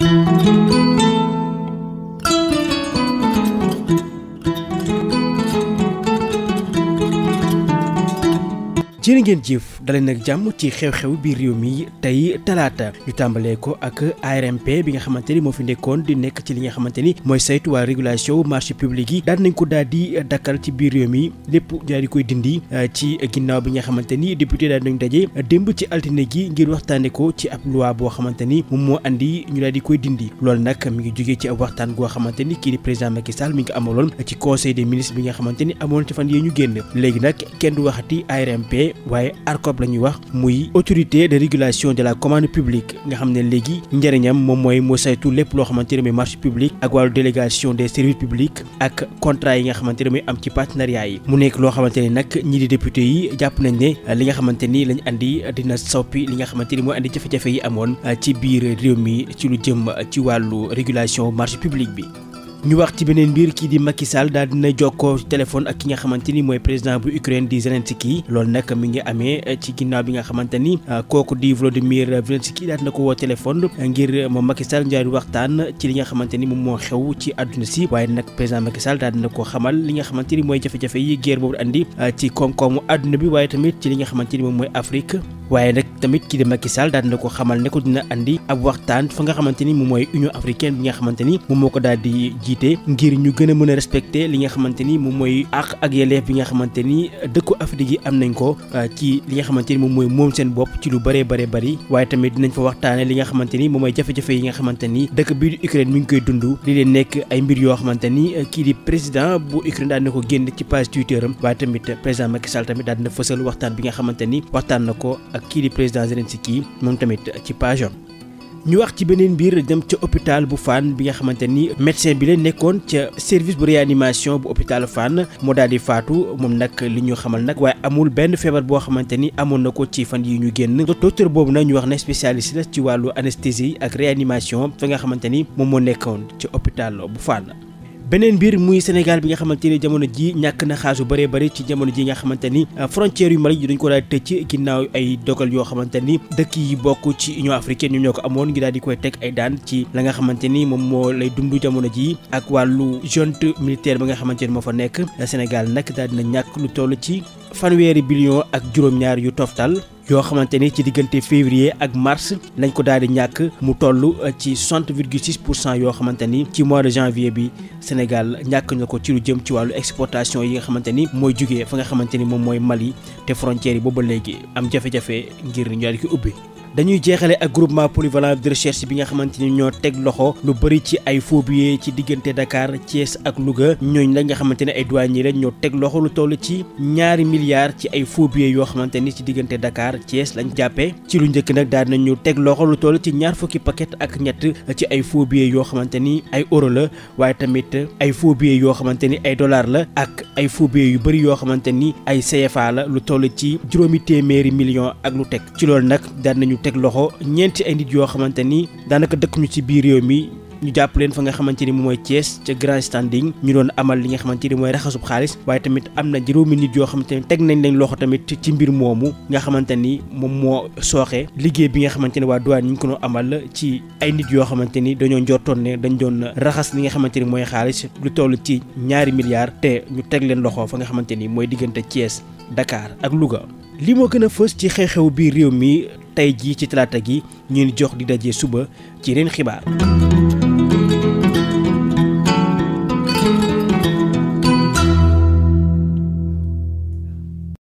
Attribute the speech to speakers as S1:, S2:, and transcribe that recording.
S1: Música jërë ngeen jëf daleen nag jàmm ci xew-xew biir réew mi tey talaata ñu tàmbalee ko ak ARMP bi nga xamante ni moo fi nekkoon di nekk ci li nga xamante ni mooy saytu waa régulation marché public yi daan nañ ko daal di dakkal ci biir réew mi lépp daal di koy dindi euh, ci ginnaaw bi nga xamante ni député daal nañ daje démb ci altine gi ngir waxtaane ko ci ab luwa boo xamante ni moom moo indi ñu daal di koy dindi loolu nag mi ngi jógee ci ab waxtaan goo xamante ni kii di président Macky mi ngi amaloon conseil des ministres bi nga xamante ni amoon ci fan yee ñu génn léegi nag kenn du waxati ARMP privé waaye ARCOP la ñuy wax muy autorité de régulation de la commande publique nga xam ne léegi njëriñam moom mooy moo saytu lépp loo xamante ne mooy marché public ak wàllu délégation des services publics ak contrat yi nga xamante ne mooy am ci partenariat yi mu nekk loo xamante ni nag ñi di député yi jàpp nañ ne li nga xamante ni lañ indi dina soppi li nga xamante ni mooy indi jafe-jafe yi amoon ci biir réew mi ci lu jëm ci wàllu régulation marché public bi ñu wax ci beneen mbir kii di Macky Sall daal dina jokkoo téléphone ak ki nga xamante ni mooy président bu Ukraine di Zelensky loolu nag mi ngi amee eh, ci ginnaaw bi nga xamante ni eh, kooku di Volodymyr Zelensky daal na ko woo téléphone eh, ngir moom Macky Sall njaari waxtaan ci li nga xamante ni moom moo xew ci àdduna si waaye nag président Macky Sall daal dina ko xamal li nga xamante ni mooy jafe-jafe yi guerre boobu indi ci koom-koomu àdduna bi waaye tamit ci li nga xamante ni moom mooy Afrique waaye nag tamit kii di Macky Sall daal dina ko xamal ne ko dina indi ab waxtaan fa nga xamante ni moom mooy Union africaine bi nga xamante ni moom moo ko daal di jiite ngir ñu gën a mën a li nga xamante ni moom mooy àq ak yelleef bi nga xamante ni dëkku Afrique yi am nañ ko euh, ci li nga xamante ni moom mooy moom seen bopp ci lu bëree bëree bëri waaye tamit dinañ fa waxtaane li nga xamante ni moom mooy jafe-jafe yi nga xamante ni dëkk bii di Ukraine mi ngi koy dund li leen nekk ay mbir yoo xamante ni euh, kii di président bu Ukraine daal na ko génn ci page Twitter am waaye tamit président Macky Sall tamit daal dina fësal waxtaan bi nga xamante ni waxtaan na ko kii di président kii moom tamit ci page ñu wax ci beneen mbir dem ca hôpital bu fànn bi nga xamante ni médecin bi la nekkoon ca service bu réanimation bu hôpital fànn moo daal di faatu moom nag li ñu xamal nag waaye amul benn feebar boo xamante ni amoon na ko ci fan yi ñu génn docteur boobu nag ñu wax ne spécialiste la ci wàllu anesthésie ak réanimation fa nga xamante ni moom moo nekkoon ca hôpital bu Fann beneen mbir muy Sénégal bi nga xamante ni jamono ji ñàkk na xaasu bëree bëri ci jamono ji nga xamante ni euh, frontières yu Mali yi dañ ko daal tëj ginnaaw ay dogal yoo xamante ni dëkk yi bokk ci Union africaine ñoom ñoo ko amoon ngi daal di koy teg ay daan ci la nga xamante ni moom moo lay dund jamono ji ak wàllu junte militaire bi nga xamante ni moo fa nekk Sénégal nag daal na ñàkk lu toll ci fanweeri billion ak juróom-ñaar yu toftal yoo xamante ni ci diggante février ak mars lañ ko daal di ñàkk mu toll euh, ci 60 virgule pour cent yoo xamante ni ci mois de janvier bi Sénégal ñàkk na ko ci lu jëm ci wàllu exportation yi nga xamante ni mooy jugee fa nga xamante ni moom mooy Mali te frontières yi booba léegi am jafe-jafe ngir ñu daal di ubbi. dañuy jeexale ak groupement polyvalent de recherche bi nga xamante ni ñoo teg loxo lu bëri ci ay faux ci diggante Dakar Thiès ak Louga ñooñ la nga xamante ne ay douaniers lañ ñoo teg lu toll ci ñaari milliards ci ay faux yoo xamante ni ci diggante Dakar Thiès lañ jàppee ci lu njëkk nag daal nañu teg loxo lu toll ci ñaar fukki paquet ak ñett ci ay faux yoo xamante ni ay euro la waaye tamit ay faux yoo xamante ni ay dollar la ak ay faux yu bëri yoo xamante ni ay CFA la lu toll ci juróomi téeméeri million ak lu teg ci loolu nag daal nañu teg loxo ñeenti ay nit yoo xamante ni ñu ci biir réew leen fa nga xamante ni moom mooy Thiès ca grand standing ñu doon amal li nga xamante ni mooy raxasub xaalis waaye tamit am na juróomi nit yoo xamante ni teg nañ leen loxo tamit ci mbir moomu nga xamante ni moom moo sooxe liggéey bi nga xamante ni waa douane ñu ngi ko doon amal ci ay nit yoo xamante ni dañoo njortoon ne dañ doon raxas li nga xamante ni mooy xaalis lu toll ci ñaari te ñu teg leen loxo fa nga xamante ni mooy diggante Thiès dakaar ak luga li moo gën a fës ci xew-xew biir réew mi tey jii ci talaata gi ñu jox di daje suba ci yeneen xibaar.